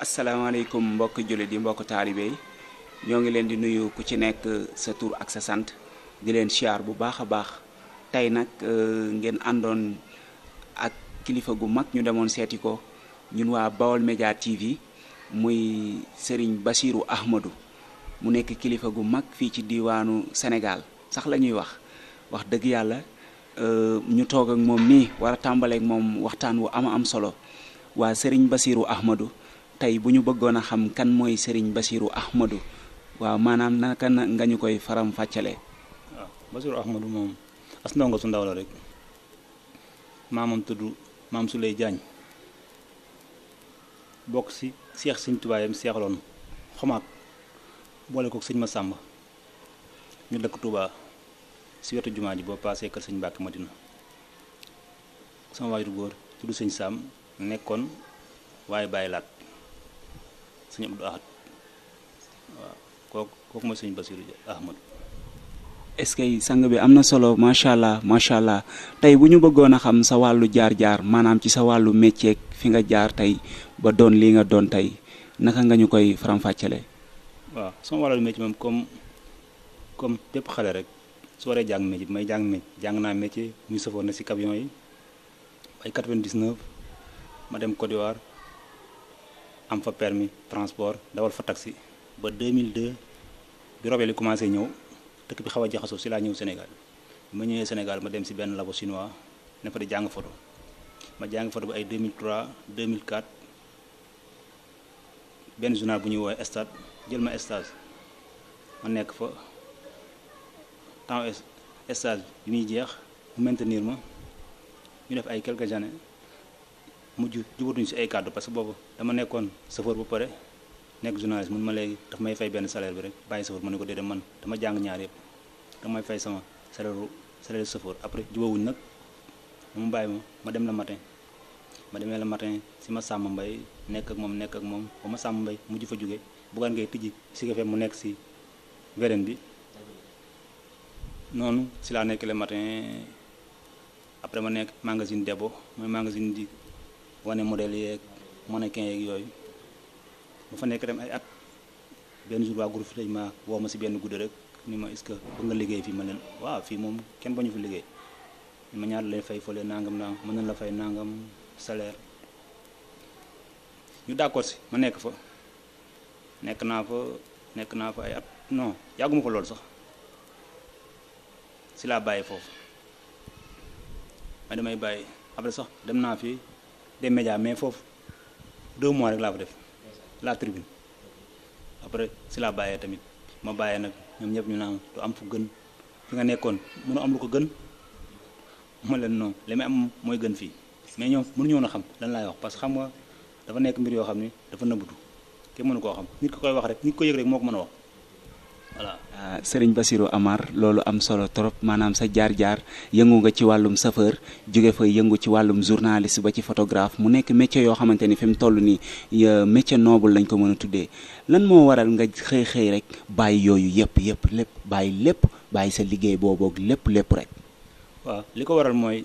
asalaamaaleykum mbokk jullit yi mbokk taalibe ñoo ngi leen di nuyu ku ci nekk sa tur ak sa sant di leen siyaar bu baax a baax tey nag euh, ngeen àndoon ak kilifa gu mag ñu demoon seeti ko ñun waa Baol Média TV muy Serigne basiiru Ahmadou mu nekk kilifa gu mag fii ci diwaanu senegaal sax la ñuy wax wax dëgg yàlla euh, ñu toog ak moom nii war a tàmbaleek moom waxtaan wu am am solo waa Serigne Bassirou Ahmadou tey bu ñu bëggoon a xam kan mooy Serigne Bassirou Ahmadou waaw maanaam naka nga ñu koy faram fàccale waaw ah, Bassirou Ahmadou moom as su ndaw la rek maamam tudd maam Souley Diagne bokk si seex Sëñ seexloon xomaat boole kook sëñ Masamba ñu dëkk Touba si wetu jumaa ji boo sëñ Mbàkke Madina sama waajur góor tudd sëñ Saam nekkoon waaye bàyyi laat sëñ Abdou Ahad waaw kooku kooku mooy ce que sang bi am na solo macha allah macha allah tey bu ñu bëggoon a xam sa wàllu jaar-jaar maanaam ci sa wàllu métier fi nga jaar tey ba doon lii nga doon tey naka nga ñu koy faram-fàccale waaw sama wàllu métier moom comme comme bépp xale rek su waree jàng métier bi may jàng métier jàng naa métier muy safoon na si camion yi ay 99 ma dem Côte am fa permis transport dawal fa taxi ba 2002 bi robee li commencé ñëw dëkk bi xaw a jaxasoo si laa ñëw Sénégal ma ñëwee Sénégal ma dem si benn labo chinois ne fa di jàng photo ma jàng photo ba ay deux mille 2004 benn journal bu ñuy woowee stade jël ma estage ma nekk fa temps stage bi muy jeex mu maintenir ma ñu def ay quelques années mujj jubatuñu si ay kàddu parce que boobu dama nekkoon chauffeur bu pare nekk journaliste mun ma léegi daf may fay benn salaire bi rek bàyyi chauffeur ma ne ko dee man dama jàng ñaar yëpp damay may fay sama salaire salaire chauffeur après jubawuñ nag mu bàyyi ma dem la matin ma demee la matin si ma sàmm mbay nekk ak moom nekk ak moom ba ma sàmm mbay mu mujj fa jóge buggaan ngay tijji si mu nekk si wereen bi noonu si laa nekk le matin après ma nekk magazine Debo mooy magasin di wane modèle yeeg mannequin yeeg yooyu ba fa nekk dem ay at benn jour waa groupe lañ ma woo ma si benn guddi rek ni ma est que bëgg nga liggéey fii ma leen waaw fii moom kenn ba ñu fi liggéey ma ñaar lay fay fële nangam nangam mën nañ la fay nangam salaire ñu d'accord si ma nekk fa nekk naa fa nekk naa fa ay at non yàgguma fa loolu sax si laa bàyyi foofu ma damay bàyyi après sax dem naa fi des médias mais foofu deux mois rek laa fa def la tribune après si laa bàyyee tamit ma bàyyee nag ñoom ñëpp ñu naan du am fu gën fi nga nekkoon mënu am lu ko gën ma leen non li may am mooy gën fii mais ñoom mënu ñoon a xam lan laay wax parce que xam nga dafa nekk mbir yoo xam ni dafa nëbbutu kenn mënu koo xam nit ko koy wax rek nit ko yëg rek moo ko mën a wax voilà euh, sëriñ Bassirou Amar loolu am solo trop maanaam sa jaar-jaar yëngu nga ci wàllum chauffeur jóge fa yëngu ci wàllum journaliste ba ci photographe mu nekk métier yoo xamante ni fi mu toll nii métier noble lañ ko mën a tuddee lan moo waral nga xëy xëy rek bàyyi yooyu yëpp yëpp lépp bàyyi lépp bàyyi sa liggéey booboog lépp lépp rek. waaw li ko waral mooy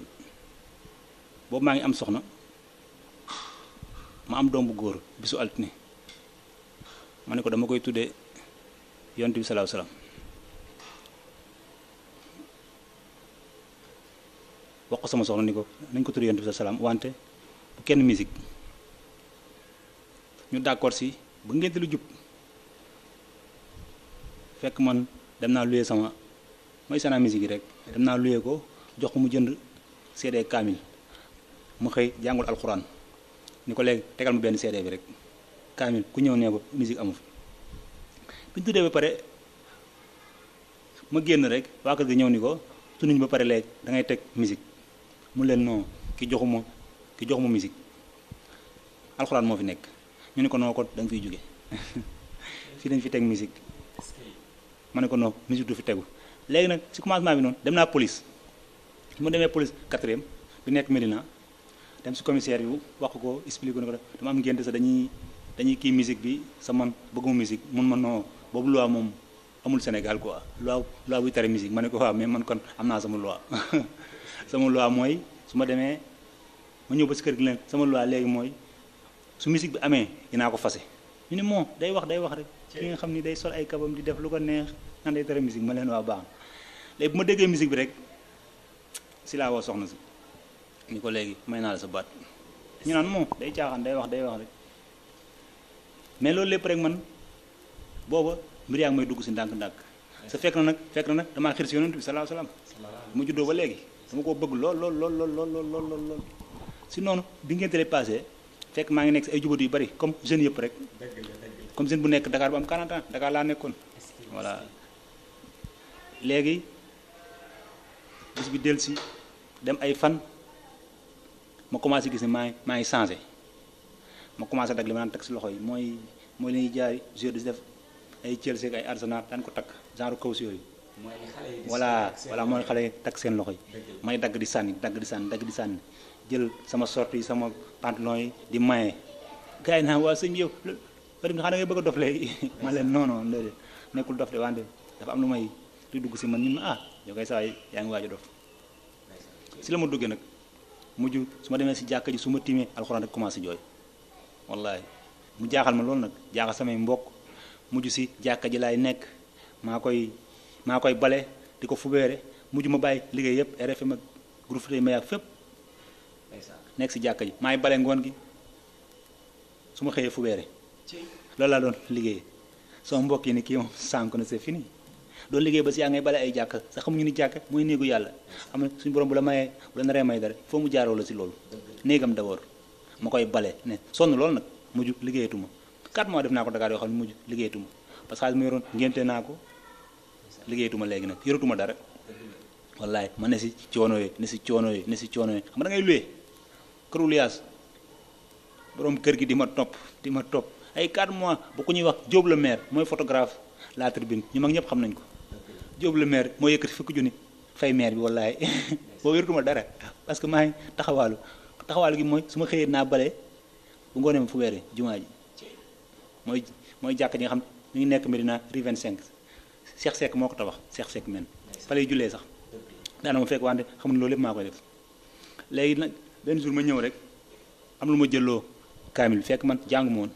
boobu maa ngi am soxna ma am doom bu góor bisu altine ma ne ko dama koy tuddee. yonent bi salaahu salaam wax ko sama soxna ni ko nañ ko tudd yonent salaam wante bu kenn misik ñu d'accord si bu ngeen lu jub fekk man dem naa luye sama mooy sana musique yi rek dem naa luye ko jox ko mu jënd CD kaamil mu xëy jàngul alxuraan ni ko léegi tegal mu benn CD bi rek kaamil ku ñëw nee ko musique amu bi ñu tuddee ba pare ma génn rek waa kër gi ñëw ni ko sunuñ ba pare léegi da ngay teg musique mu leen non ki joxuma ki joxuma musique alxuraan moo fi nekk ñu ne ko noo ko da fiy jóge fii dañ fi teg musique ma ne ko non musique du fi tegu léegi nag ci commencement bi noonu dem naa police mu demee police quatrième bi nekk Médina dem ci commissaire bi wax ko expliqué ko ne ko dama am ngénte sax dañuy kii musique bi sa man bëgguma musique mun ma noo boobu loi moom amul Sénégal quoi loi loi buy tere musique ma ne ko waaw mais man kon am naa sama loi sama loi mooy su ma demee ma ñëw ba kër gi leen sama loi léegi mooy su musique bi amee dinaa ko fase ñu ne day wax day wax rek ci nga xam ni day sol ay kabam di def lu neex nan day tere ma leen waa baax léegi bu ma déggee bi rek si laa woo ko léegi may naa sa baat ñu naan moo day caaxaan day wax day wax rek mais loolu lépp rek man booba mbir yaa ngi may dugg si ndànk-ndànk sa fekk na nag fekk na nag damaa xir si yonent bi salaahu salaam mu juddoo ba léegi dama koo bëgg lool lool lool lool lool lool si noonu bi ngeen télé passé fekk maa ngi nekk si ay jubatu yu bari comme jeunes yëpp rek comme jeune bu nekk Dakar bu am 40 ans Dakar laa nekkoon voilà léegi bis bi del si dem ay fan ma commencé gis ne maa ngi maa ngi changé ma commencé dag li ma naan teg si loxo yi mooy mooy li ñuy jaay jeu di def ay Chelsea ak ay Arsenal daan ko takk genre kaws yooyu. mooy xale yi voilà voilà mooy xale yi takk seen loxo yi. may dagg di sànni dagg di sànni dagg di sànni jël sama sorte sama pantalon yi di maye. gars yi naa waa sëñ bi yow loolu xanaa da leen non nekkul dof de wante dafa am lu may di dugg si man ñun ah yow koy saa yi yaa ngi waaj a dof si la ma duggee nag mujj su ma demee si jàkka ji su ma tiimee alxuraan rek commencé jooy wallaahi mu jaaxal ma loolu nag jaaxal samay mbokk. mujj si jàkka ji laay nekk maa koy maa koy bale di ko fubeere mujj ma bàyyi liggéey yëpp RFM ak groupe Futurs Médias fépp nekk si jàkka ji maay bale ngoon gi su ma xëyee fubeere loolu laa doon liggéey soo mbokk yi ni kii moom sànk na c'est fini doon liggéey ba si yaa ngay bale ay jàkka sax xamuñu ni jàkka mooy néegu yàlla am na suñu borom bu la mayee bu la naree may dara foo mu jaaroo la si loolu néegam d'abord ma koy bale ne sonn loolu nag mujj liggéeyatuma 4 mois def naa ko Dakar yoo xam ne mujj liggéeyatuma naa ko liggéeyatuma léegi nag yoratuma dara wallaay ma ne si coono yi ne si coono yi nga da ngay borom kër gi di ma topp di ma topp ay 4 mois bu ñuy wax Diop mooy photographe la tribune ñu mag ñëpp xam nañ ko Diop moo yëkkati fukki junni fay maire bi dara parce que maa ngi taxawaalu taxawaalu gi mooy su ma xëyee naa bale bu ngoonee ma fu weere jumaa ji mooy mooy jàkk ji nga xam mi ngi nekk Medina rue cinq Cheikh Seck moo ko tabax seex Seck men fa lay jullee sax daana ma fekk wante xamul loolu lépp maa koy def léegi nag benn jour ma ñëw rek am lu ma jëloo kaamil fekk man jàng ma woon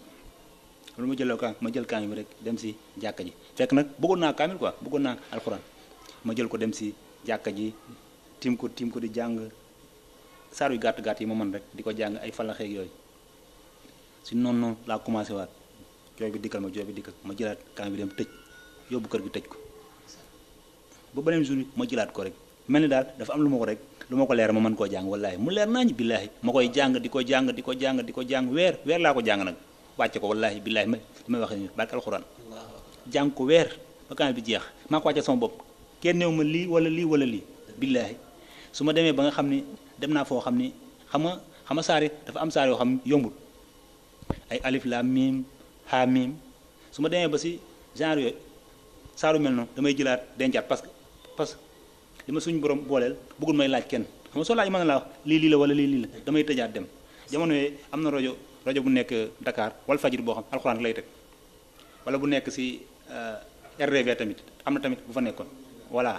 ma jëloo kaamil ma jël kaamil rek dem si jàkka ji fekk nag bëggoon naa kaamil quoi bëggoon naa alxuraan ma jël ko dem si jàkka ji tiim ko tim ko di jàng saar yu gàtt gàtt yi ma man rek di ko jàng ay falaxeeg yooyu si noonu noonu laa commencé waat jooy bi dikkal ma jooy bi dikkal ma jëlaat kan bi dem tëj yóbbu kër gi tëj ko ba beneen jour ma jëlaat ko rek mel ni daal dafa am lu ma ko rek lu ma ko leer ma mën koo jàng wallaahi mu leer naañu billaahi ma koy jàng di ko jàng di ko jàng di ko jàng weer weer laa ko jàng nag wàcce ko wallaahi billaahi ma may wax ni barke alxuraan jàng ko weer ba bi jeex maa ko wàcce sama bopp kenn néew ma lii wala lii wala lii billaahi su ma demee ba nga xam ne dem naa foo xam ni xam nga xam saari dafa am saar yoo xam yombul ay alif laam miim su ma demee ba si genre yooyu saaru mel noonu damay jëlaat dencaat parce que parce que li ma suñu borom booleel bëggul may laaj kenn xam nga soo laaj mën laa lii lii la wala lii lii la damay tëjaat dem jamono yooyu am na rajo rajo bu nekk Dakar wala fajir boo xam alxuraan lay teg wala bu nekk si euh, RDV tamit am na tamit bu fa nekkoon voilà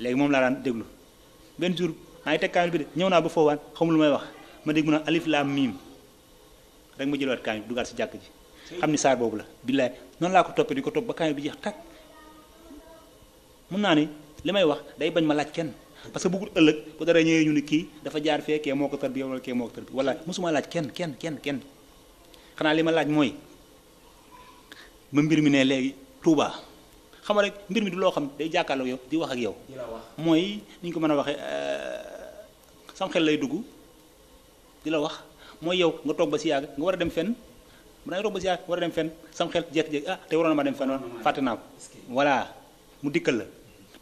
léegi moom laa daan déglu benn jour maa teg kaamil bi de ñëw naa ba foofaan xamul lu may wax ma dégg mu ne alif miim rek ma jëlaat kaamil dugaat si jàkk ji xam ni saar boobu la billaay noonu laa ko toppee di ko topp ba kaamil bi jeex tàkk mun naa ni li may wax day bañ ma laaj kenn parce que bëggul ëllëg bu dara ñëwee ñu ni kii dafa jaar fee kee moo ko tarbi wala kee moo ko tarbi wala mosuma laaj kenn kenn kenn kenn xanaa li ma laaj mooy ba mbir mi ne léegi Touba xam nga rek mbir mi du loo xam day jàkkaarloo yow di wax ak yow. mooy ni ñu ko mën a waxee euh, sam xel lay dugg di la wax mooy yow nga toog ba si yàgg nga war a dem fenn. man dangay romb ziar war a dem fenn sam xel jékki-jékki ah te waroon na ma dem fenn fàtte naa ko voilà mu dikka la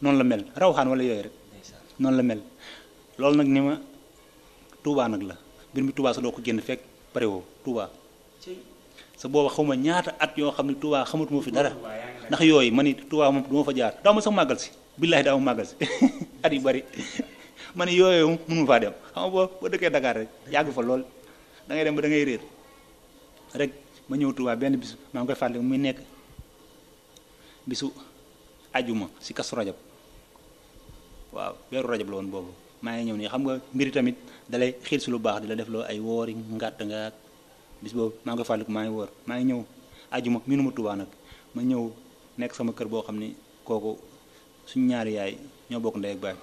noonu la mel raw xaan wala yooyu rek noonu la mel loolu nag ni ma Touba nag la mbir mi Touba sa doo ko génn fekk pare woo Touba sa booba xaw ma ñaata at yoo xam ne Touba xamatuma fi dara ndax yooyu ma ni Touba moom du ma fa jaar daaw ma sax màggal si billaahi daa ma màggal si at yu bari ma ni yooyu mënu faa dem xam boo fa lool da ngay dem ma ñëw Tuubaa benn bis maa ngi koy fàttali muy nekk bisu ajuma si kasu rajab waaw weeru rajab la woon boobu maa ngi ñëw nii xam nga mbir tamit dalay xiir si lu baax di la def loo ay woori ngàtt nga bis boobu maa ngi koy fàttaliku maa ngi woor maa ngi ñëw ajuma miinu ma Tuubaa nag ma ñëw nekk sama kër boo xam ni kooku suñu ñaari yaay ñoo bokk ndey ak baay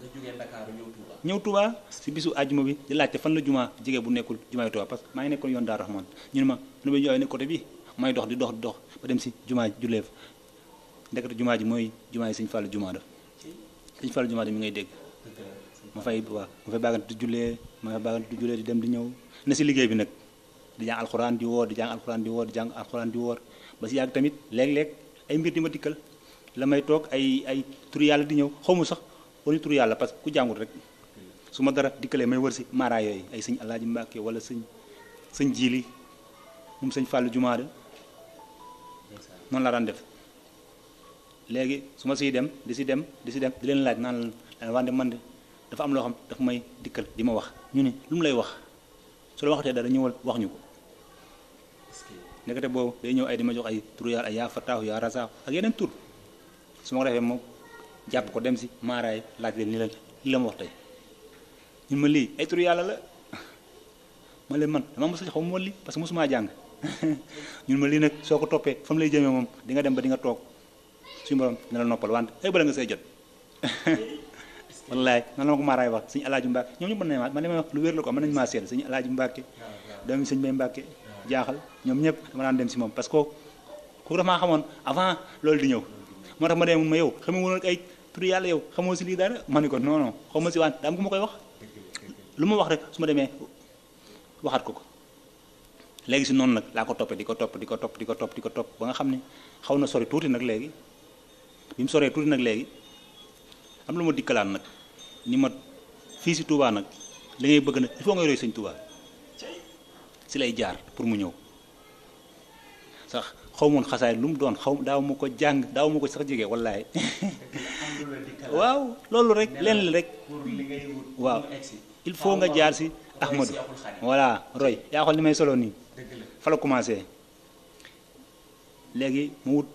nga jógee Dakar ñëw Touba. ñëw Touba si bisu àjjuma bi di laajte fan la jumaa jege bu nekkul jumaay Touba parce que maa ngi nekkoon yoon Daaru Rahmaan ñu ma ñu ne ma côté bi may dox di dox di dox ba dem si jumaa julleef jumaa ji mooy jumaa yi Sëñ Fallu jumaa da Sëñ Fallu jumaa da mi ngay dégg ma fay waaw ma fay baagante di jullee ma fay baagante di jullee di dem di ñëw ne si liggéey bi nag di jàng alxuraan di woor di jàng alxuraan di woor di jàng alxuraan di woor ba si yàgg tamit léeg-léeg ay mbir di ma dikkal la may toog ay ay tur yàlla di ñëw xaw ma sax wala tur yàlla parce que ku jàngut rek su ma dara dikkalee may wër si mara yooyu ay sëñ Alaaji Mbàkke wala sëñ sëñ Jiili moom sëñ Fàllu Jumaada noonu la daan def léegi su ma siy dem di si dem di si dem di leen laaj naan la wande man de dafa am loo xam dafa may dikkal di ma wax ñu ni lu mu lay wax su la waxatee dara ñëwal wax ñu ko nekkate boobu day ñëw ay di ma jox ay tur yàlla ay yaa fataahu yaa rasaahu ak yeneen tur su ma ko defee jàpp ko dem si maaraay laaj leen la ma wax tey ñun ma lii ay turu yàlla la ma leen man dama mos a xaw ma lii parce que mosumaa jàng ñun ma lii nag soo ko toppee fa mu lay jëmee moom di nga dem ba di nga toog suñu borom dina la noppal wante ay bala nga say jot wallaay nan la ma ko wax suñu alaaju Mbàkke ñoom ñu mën nañ man li lu wér la ko mën nañu maa seel suñu alaaju Mbàkke doomi sëñ Bay Mbàkke jaaxal ñoom ñëpp dama daan dem si moom parce que ku dafa maa xamoon avant loolu di ñëw moo tax ma dem ma pour yàlla yow xamoo si lii dara ma ne ko noonoo non xaw ma si wante daam ma koy wax lu ma wax rek su ma demee waxaat ko ko léegi si noonu nag laa ko toppee di ko topp di ko topp di ko topp di ko topp ba nga xam ne xaw na sore tuuti nag léegi bi mu soree tuuti nag léegi am lu ma dikkalaat nag ni ma fii si Touba nag li bëgg nag il faut ngay roy sëñ Touba si lay jaar pour mu ñëw xaw moon xasaay lu mu doon xaw daaw ma ko jàng daaw ma ko sax jege wallaay waaw loolu rek lenn rek waaw il faut nga jaar si Ahmadou voilà roy yaa xool li may solo nii fa la commencé léegi mu wut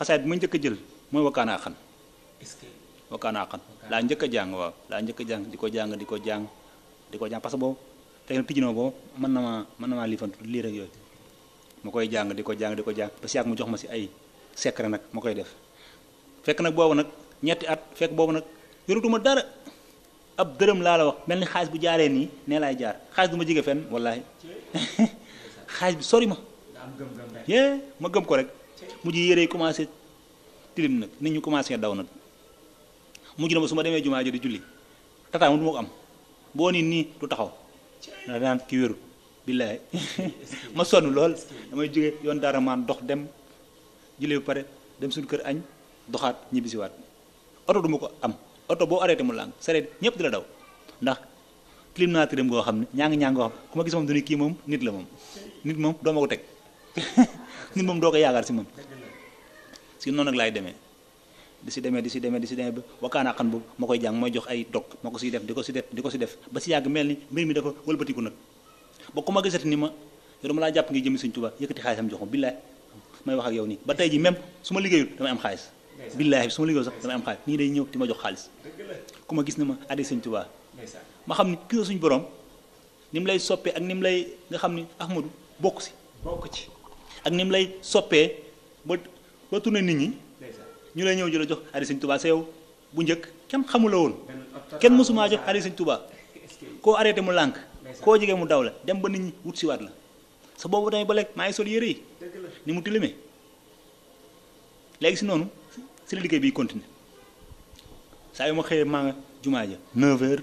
xasaay bi ma njëkk jël mooy wakkaanaa xan wakkaanaa xan laa njëkk a jàng waaw laa njëkk a jàng di ko jàng di ko jàng di ko jàng parce que boobu mën na mën na maa liifantu lii rek yooyu ma koy jàng di ko jàng di ko jàng ba si ak mu jox ma si ay secret nag ma koy def fekk nag boobu nag ñetti at fekk boobu nag yorutuma dara ab dërëm laa la wax mel ni xaalis bu jaaree nii nee lay jaar xaalis du ma jige fenn wallaahi xaalis bi sori ma yee ma gëm ko rek mujj yére yi commencé tilim nag nit ñu commencé daw nag mujj na ma su ma demee jumaa ji di julli tataa mu du ma ko am boo nii nii du taxaw naan kii wérut billaay ma sonn lool damay jóge yoon dara maan dox dem julli ba pare dem suñu kër añ doxaat ñibbisiwaat oto du ma ko am oto boo arrêté mu làng sareet ñëpp di la daw ndax climatérim goo xam ne ñaangi ñaangi goo xam ku ma gis moom duni kii moom nit la moom nit moom doo ma ko teg nit moom doo ko yaakaar si moom si noonu nag laay demee di si demee di si demee di si demee ba wakkaanaa xan boobu ma koy jàng mooy jox ay dog ma ko siy def di ko si def di ko si def ba si yàgg mel ni mbir mi dafa ba ku ma gisati ni ma yow dama laa jàpp ngi jëmi Sëñ Tuubaa yëkkati xaalisam jox ma billaay may wax ak yow nii ba tey ji même su ma liggéeyul damay am xaalis billaay bi su ma liggéeyul sax damay am xaalis nii day ñëw di ma jox xaalis ku ma gis ne ma addi Sëñ Tuubaa ma xam ni gisoo suñ borom ni mu lay soppee ak ni mu lay nga xam ni Ahmadu bokk si bokk ak ni lay soppee ba ba tourné nit ñi ñu lay ñëw a jox addi Sëñ Tuubaa sa yow bu njëkk kenn xamuloo woon kenn mësumaa jox addi Sëñ Tuubaa koo arrêté koo jege mu daw la dem ba nit ñi wut si waat la sa boobu tamit ba lekk maa ngi sol yére yi ni mu tilimee léegi si noonu si la liggéey bi continuer saa yu ma xëyee maa nga jumaa ja 9h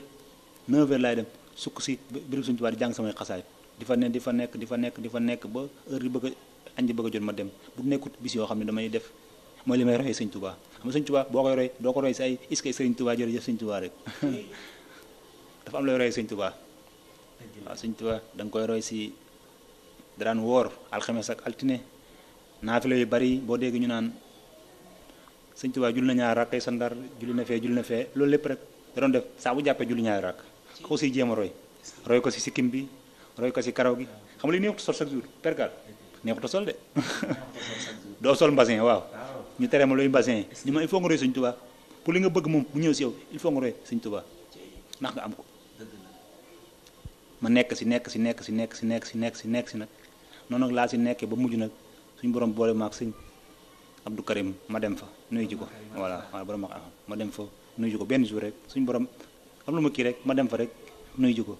9 laay dem sukk si béréb suñu tubaab di jàng samay xasaay di fa ne di fa nekk di fa nekk di fa nekk ba heure yi bëgg a añ bëgg a jot ma dem bu nekkut bis yoo xam ne damay def mooy li may royee sëñ tubaa xam sëñ tubaa boo koy roy doo ko roy si ay iskay sëriñ tubaa jërëjëf sëñ tubaa rek dafa am looy royee sëñ tubaa waaw Sëñ Tuubaa da koy roy si daraan woor alxames ak altine naafila yu bari boo dégg ñu naan Sëñ Tuubaa jul na ñaar rakk ay sandar julli na fee julli na fee loolu lépp rek da doon def saa bu jàppee julli ñaari rakk ko aussi jéem roy roy ko si sikkim bi roy ko si karaw gi xam nga li neexut sol chaque jour pergal neexut sol de doo sol mbasin waaw ñu tere ma luy mbasin il faut nga roy Sëñ Tuubaa pour li nga bëgg moom bu ñëw si yow il faut nga roy Sëñ Tuubaa ma nekk si nekk si nekk si nekk si nekk si nekk si nekk si nag noonu nag laa si nekkee ba mujj nag suñ borom boole ma ak sëñ Abdou Karim ma dem fa nuyu ji ko voilà waaw borom ma dem fa nuyu benn jour rek borom am lu ma kii rek ma dem fa rek nuyu ji ko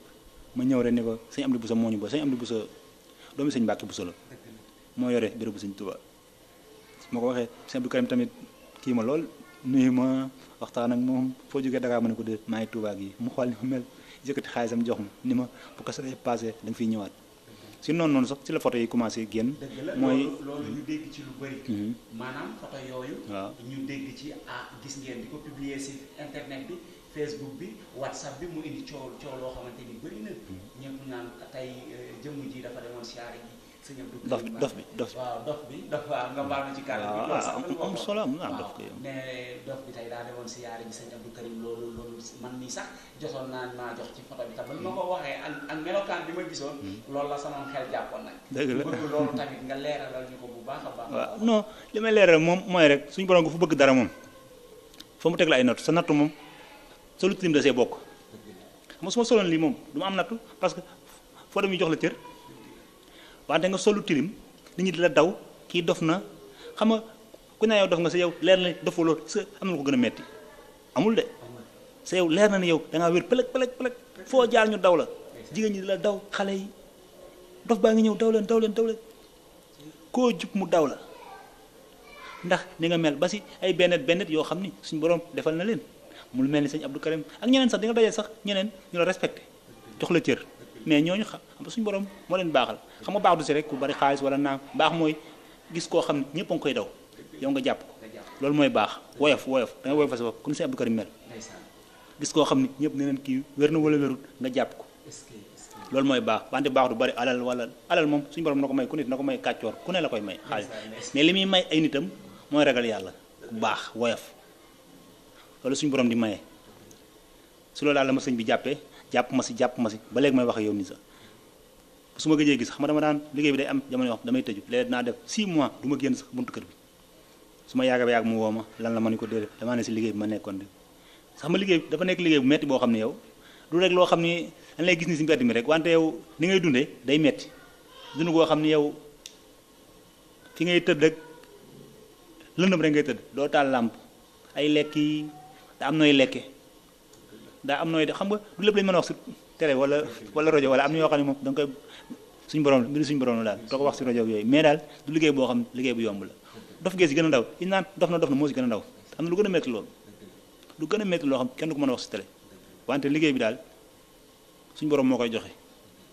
ma ñëw rek ne ko sëñ Abdou Bousso moo ñu ba sëñ Abdou Bousso doomi sëñ moo yore bureau bu ma ko waxee sëñ Karim tamit kii ma lool nuyu ma waxtaan ak moom foo jógee Dakar ma ne ko de maa ngi gi mu xool ni mu mel yëkkati xaalisam jox ma ni ma bu ko soobee passé da nga fiy ñëwaat si noonu noonu sax ci la photo yi commencé génn. mooy loolu ñu dégg ci lu bëri. Mhm. maanaam photo yooyu. ñu dégg ci ah gis ngeen di ko publier si internet bi Facebook bi WhatsApp bi mu indi coow coow loo xamante ni bëri na. Mhm. ñëpp naan tey euh, jëmm ji dafa demoon siyaare ji. dof dof bi dof bi waaw dof bi dof waaw nga baal na ci kàddu ah, bi. loolu sax am solo am na dof koy am mais dof bi tey daa demoon si yaari bi sëñ Abdou Karim loolu loolu man nii sax jotoon naa maa jox ci photo bi tam hmm. loolu la sama xel jàppoon nag. la bëgg loolu tamit nga leeralal ñu ko a baax. waaw non li may leeral moom mooy rek suñu borom nga fu bëgg dara moom fa mu teg la ay nattu sa nattu moom sa lu tilim da see bokk. xam nga su ma soloon lii moom du ma am nattu parce foo dem ñu jox la cër. wante nga solu tilim nit ñi di la daw kii dof na xam nga ku ne yow dof nga sa yow leer na dofuloo sa am na ko gën a metti amul de sa yow leer na ne yow da ngaa wér pëlëg pëlëg pëlëg foo jaar ñu daw la jigéen ñi di la daw xale yi dof baa ngi ñëw daw leen daw leen daw koo jub mu daw la ndax ni nga mel ba si ay bennet bennet yoo xam ni suñ borom defal na leen mu mel ni sëñ Abdou ak ñeneen sax di nga dajee sax ñeneen ñu la respecté jox la cër. mais ñooñu xam suñu borom moo leen baaxal xam nga baax du si rek ku bari xaalis wala naa baax mooy gis koo xam ne ñëpp a ngi koy daw yow nga jàpp ko loolu mooy baax woyof woyof da nga woyof fa sa bopp comme si Abdou Karim mel gis xam ne ñëpp ne leen kii wér na wala wérul nga jàpp ko loolu baax wante baax du bari alal wala alal moom suñu ko ko may kàccoor ku ne la li muy may ay nitam mooy ragal yàlla ku baax woyof di maye su loolu daal la ma sëñ bi jàppee jàpp ma si jàpp ma si ba léegi may wax ak yow nii sax su ma gëjee gis sax ma dama daan liggéey bi day am jamono yoo xam damay tëju léeg dinaa def si mois du ma génn sax buntu kër bi su ma yàgg ba yàgg mu woo ma lan la ma ni ko déedéet damaa ne si liggéey bi ma nekkoon de sax ma liggéey dafa nekk liggéey bu metti boo xam ne yow du rek loo xam ne dañ lay gis ni si mbedd mi rek wante yow ni ngay dundee day metti dund goo xam ne yow fi ngay tëdd rek lëndëm rek ngay doo taal làmp ay lekk yi am nooy lekke daa am nooy de xam nga du lépp lañ mën a wax si télé wala wala rajo wala am na yoo xam ne moom danga nga koy suñu borom mbiru suñu borom la daal doo ko wax si rajo yooyu mais daal du liggéey boo xam liggéey bu yomb la dof gee si gën a ndaw iñ naan dof na dof na moo si gën a ndaw am na lu gën a métti loolu lu gën a métti loo xam kenn du ko mën a wante liggéey bi daal suñu borom koy joxe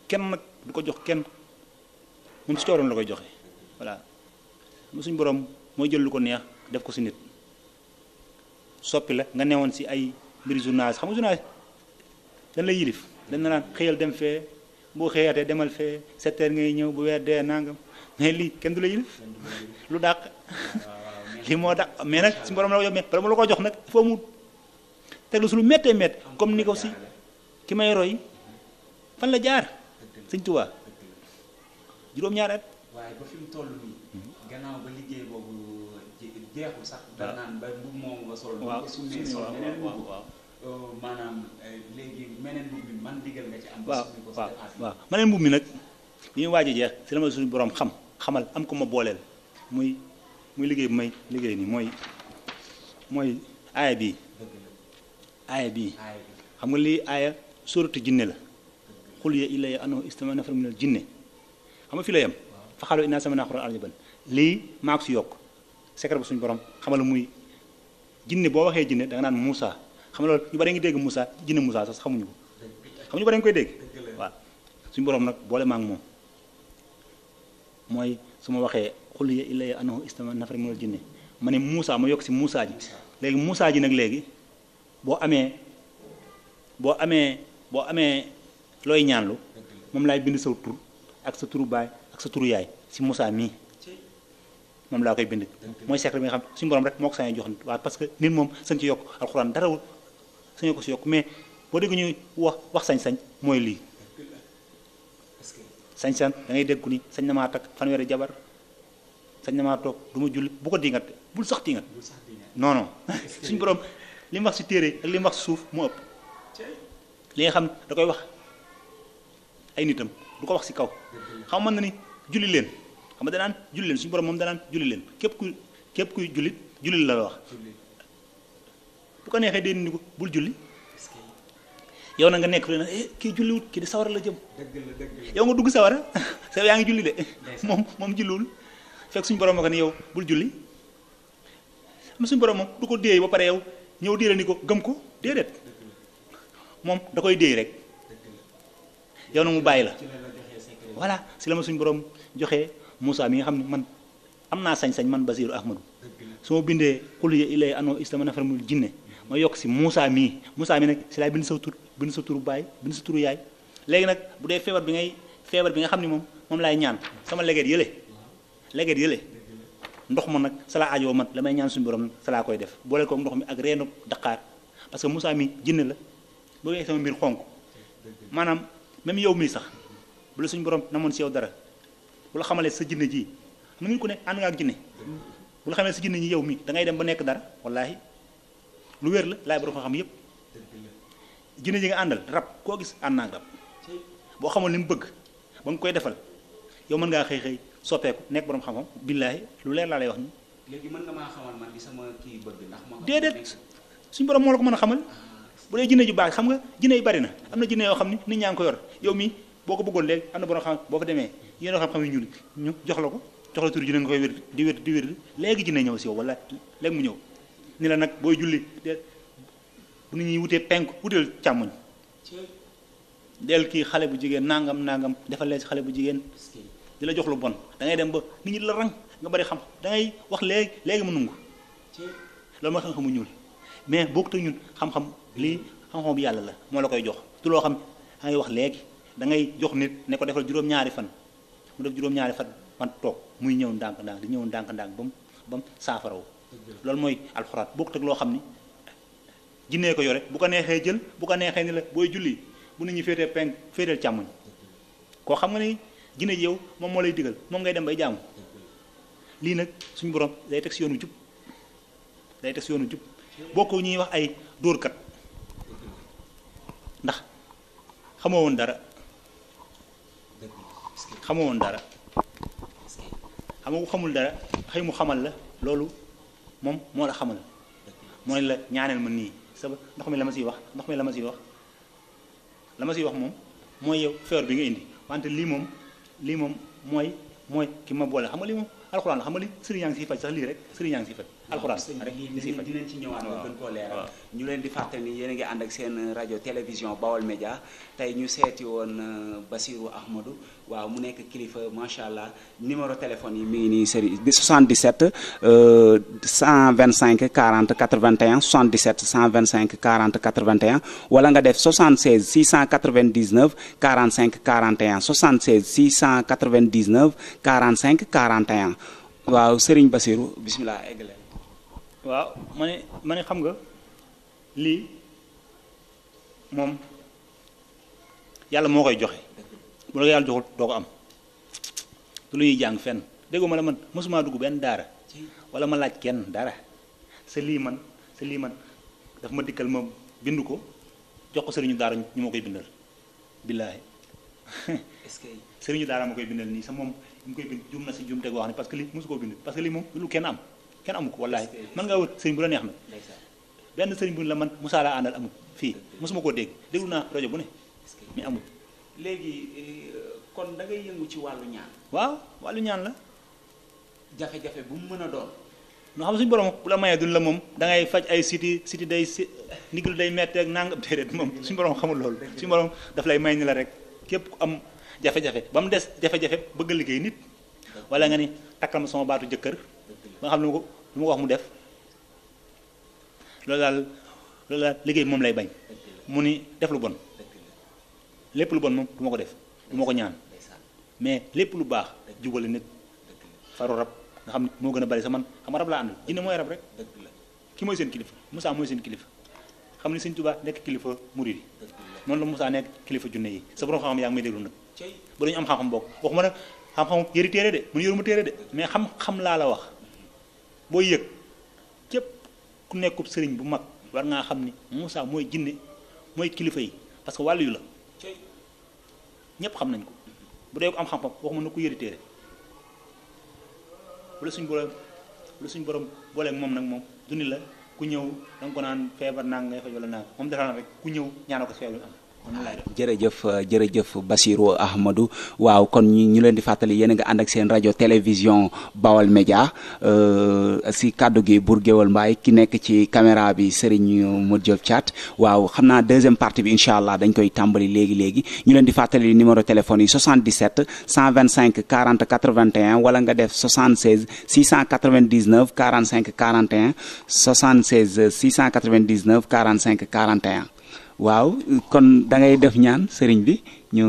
kenn nag du ko jox kenn moom si cooroon la koy joxe voilà suñu boroom mooy jël lu ko neex def ko si nit soppi la nga newoon si ay mbiri journaliste xam nga journaliste dañ lay yilif dañ la naan xëyal dem fee boo xëyaatee demal fee sept ngay ñëw bu weer dee nangam mais lii kenn du la yilif lu dàq lii moo dàq mais nag si borom la ko jox nag foo mu teg la su lu méttee métt comme ni ko si ki may roy fan la jaar sëñ Tuubaa jeexul sax. waaw euh, eh, da mbubb mi nag li ñuy waaj a jeex si la ma suñu borom xam xamal am ko ma booleel muy muy liggéey bu may liggéey nii mooy mooy aaya bi aaya bii xam nga lii aaya sóoratu jinne la. xul ya ilaya annahu istama nafar minal jinne xam nga fi la yem. fa xaalu inna sami'na qur'anan lii maa ko si yokk. secret bu suñu borom xamal muy jinne boo waxee jinne da nga naan Moussa xam loolu ñu bari ngi dégg Moussa jinne Moussa sax xamuñu ko xam ñu bari ngi koy dégg waaw suñu borom nag boole ma ak moom mooy su ma waxee xul ya ilaya annahu istama nafar minal jinne ma ne Moussa ma yokk si Moussa ji léegi Moussa ji nag léegi boo amee boo amee boo amee looy ñaanlu moom laay bind saw tur ak sa turu baay ak sa turu yaay si musa mii moom laa koy bind mooy secret bi nga xam suñu borom rek moo ko sañee jox nit waaye parce que nit moom sañ ci yokk alxuraan darawul sañoo ko si yokk mais boo dégg ñu wax wax sañ-sañ mooy lii sañ-sañ da ngay dégg ku ni sañ na maa takk fanweeri jabar sañ na maa toog du ma julli bu ko diingat bul sax diingat non non suñu borom li wax si téere ak li wax si suuf mu ëpp li nga xam da koy wax ay nitam du ko wax si kaw xam mën na ni julli leen xam nga danaan julli leen suñu borom moom danaan julli leen képp ku képp kuy jullit julli la la wax bu ko neexee dee ko bul julli yow na nga nekk fële na eh kii julliwut kii di sawara la jëm yow nga dugg sawara sa yaa ngi julli de moom moom julliwul fekk suñu borom ma ne yow bul julli am suñu borom du ko déey ba pare yow ñëw déela ni ko gëm ko déedéet moom da koy déey rek yow na mu bàyyi la voilà si la ma suñu borom joxee Moussa mi nga xam ne man am naa sañ-sañ man Basiru Ahmadu su ma bindee xul ya ilay anoo istama nafar mu jinne ma yokk si Moussa mii musa mii nag si laay bind sa tur bind sa bu baay bind sa turu yaay léegi nag bu dee feebar bi ngay feebar bi nga xam ne moom moom laay ñaan sama leget yële leget yële ndox ma nag salaa ajoo man la may ñaan suñu borom laa koy def boole ko ndox mi ak reenu daqaar parce que Moussa mi jinne la boo weesoo sama mbir xonk maanaam même yow mii sax bu suñu borom namoon si yow dara bu la xamalee sa jinne ji xam ngeen ne ànd nga ak jinne bu la xamalee jinne ji yow mi da dem ba nekk dara wallaahi lu la laay borom xam yëpp jinne ji nga àndal rab koo gis ànd boo xamoon li mu bëgg ba koy defal yow mën ngaa xëy xëy soppeeku nekk borom xam-xam billaahi lu leer laa lay wax ni léegi mën nga maa man li sama kii bëgg ndax ma déedéet suñu moo la ko mën a xamal ah. bu dee jinne ju baax xam nga jinne yi bari na am na jinne yoo xam ni nit ñaa ngi ko yor yow mii boo ko bëggoon léegi am na borom xam boo fa demee yenn xam-xam yu ñu jox la ko jox la tur ji na nga koy wér di wér di wér léegi dina ñëw si yow wala léegi mu ñëw ni la nag booy julli de bu nit ñuy wutee penk wuteel càmmoñ del kii xale bu jigéen nangam nangam defal leen si xale bu jigéen di la jox lu bon da ngay dem ba nit ñi la rang nga bari xam da wax léegi léegi mu nungu loolu mooy xam-xamu ñuul mais bokk te ñun xam-xam lii xam-xam bi yàlla la moo la koy jox du loo xam da ngay wax léegi da ngay jox nit ne ko defal juróom fan mu def juróom-ñaari fat man toog muy ñëw ndànk-ndànk di ñëw ndànk-ndànk ba mu ba loolu mooy alxuraan boo ko teg loo xam ni jinnee ko yore bu ko neexee jël bu ko neexee ni la booy julli bu nit ñi féetee penk féeteel càmmoñ koo xam nga ni jinne ji yow moom moo lay digal moom ngay dem bay jaamu lii nag suñu borom day teg si yoonu jub day teg si yoonu jub bokk ñuy wax ay dóorkat ndax xamoo woon dara xamu woon dara xam ku xamul dara xëy mu xamal la loolu moom moo la xamal mooy la ñaaneel ma nii saba ndox mi la ma siy wax ndox mi la ma siy wax la ma siy wax moom mooy yow feebar bi nga indi wante lii moom lii moom mooy mooy ki ma boole xam nga lii moom alxuraan la xam nga li sëriñ yaa ngi siy faj sax lii rek sëriñ yaa ngi faj alxuraan rek dinañ ñu leen di fàttali ni yéen ngi ànd ak seen rajo télévision Bawol Média tey ñu seeti woon euh, Basirou Ahmadou waaw mu nekk kilifa macha allah numéro téléphone yi mi ngi nii sëriñ 77 125 40 81 77 125 40 81 wala nga def 76 699 45 41 76 699 45 41 waaw Serigne Basirou bisimilah eggale waaw mane ne xam nga lii moom yàlla moo koy joxe bu la ko yàlla joxul doo ko am du lu ñuy jàng fenn déggu ma la man mosuma dugg benn daara wala ma laaj kenn dara sa lii man sa lii man daf ma dikkal ma bind ko jox ko sëriñu daara ñu ma koy bindal billaahi est-ce que sëriñu daara ma koy bindal nii sa moom ñu koy bind jum na si jumte goo xam ne parce lii mosu koo bind parce lii moom lu kenn am kenn amu ko wallaahi mën ngaa wër sëriñ bu la neex nag benn sëriñ bu la man Moussa laa àndal amul fii mosuma koo dégg déglu naa rajo bu ne mi amul léegi euh, kon da ngay yëngu ci wàllu ñaan waaw wàllu ñaan la jafe-jafe bu mu mën a doon noo xam suñu borom bu la la moom da ngay faj ay siti siti day si ndiglu day metti ak nangam déedéet moom suñu borom xamul loolu suñu borom daf lay may ni la rek képp ku am jafe-jafe ba mu des jafe-jafe bëgg liggéey nit wala nga ni takkal ma sama baatu jëkkër nga xam ne ko lu ma ko wax mu def loolu daal loolu daal liggéey moom lay bañ mu ni def lu bon lépp lu bon moom du ma ko def du ma ko ñaan mais lépp lu baax jubale nit faru rab nga xam moo gën a bari sa man xam nga rab laa àndal jinne mooy rab rek ki mooy seen kilifa Moussa mooy seen kilifa xam ne Sëñ Tuubaa nekk kilifa murid yi noonu la Moussa nekk kilifa junne yi sa borom xam-xam yaa ngi may déglu nag ba dañu am xam-xam bokk waxuma nag xam-xam yëri téere de mun boo yëg képp ku nekkub sëriñ bu mag war ngaa xam ni Moussa mooy jinne mooy kilifa yi parce que wàllu yu la ñëpp xam nañ ko bu dee ko am xam-xam waxuma na ko yëri téere bu la suñ borom bu suñ borom booleeg moom nag moom duni la ku ñëw da ko naan feebar naa ngay faj wala naa moom defaa rek ku ñëw ñaana ko feebar am jërëjëf jërëjëf Basirou Ahmadou waaw kon ñu ñu leen di fàttali yéen a nga ànd ak seen rajo télévision Bawal Média euh, si kàddu gi Bour Guéweul Mbaye ki nekk ci caméra bi Serigne mu Diop Thiat waaw xam naa deuxième partie bi incha allah dañ koy tàmbali léegi léegi ñu leen di fàttali numéro téléphone yi 77 125 40 81 wala nga def 76 699 45 41 76 699 45 41. waaw kon da ngay def ñaan sëriñ bi ñu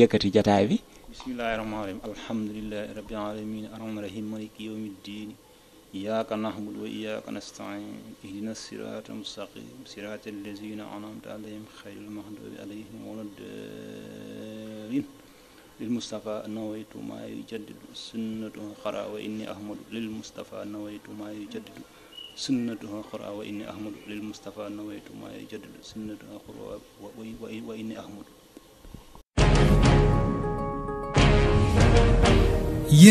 yëkkati jataay bi bismillahi rahmaani rahim alhamdulillahi rabbil alamin arrahmaani rahim maliki yawmiddin iyyaka na'budu wa iyyaka nasta'in ihdinas siratal mustaqim siratal ladzina an'amta alayhim ghayril maghdubi alayhim waladdallin lil mustafa nawaytu ma yujaddidu sunnatu xara wa inni ahmadu lil mustafa nawaytu ma yujaddidu sunnatuha qura a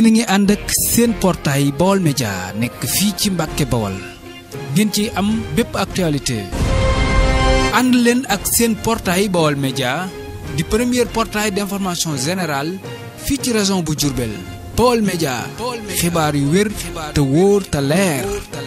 ngi ànd ak seen portail Baol Média nekk fii ci Mbàkke Bawol ngeen ci am bépp actualité ànd leen ak seen portaay Baol Média di premier portail d'information générale fii ci région bu Diourbel Baol Média xibaar yu wér te wóor te leer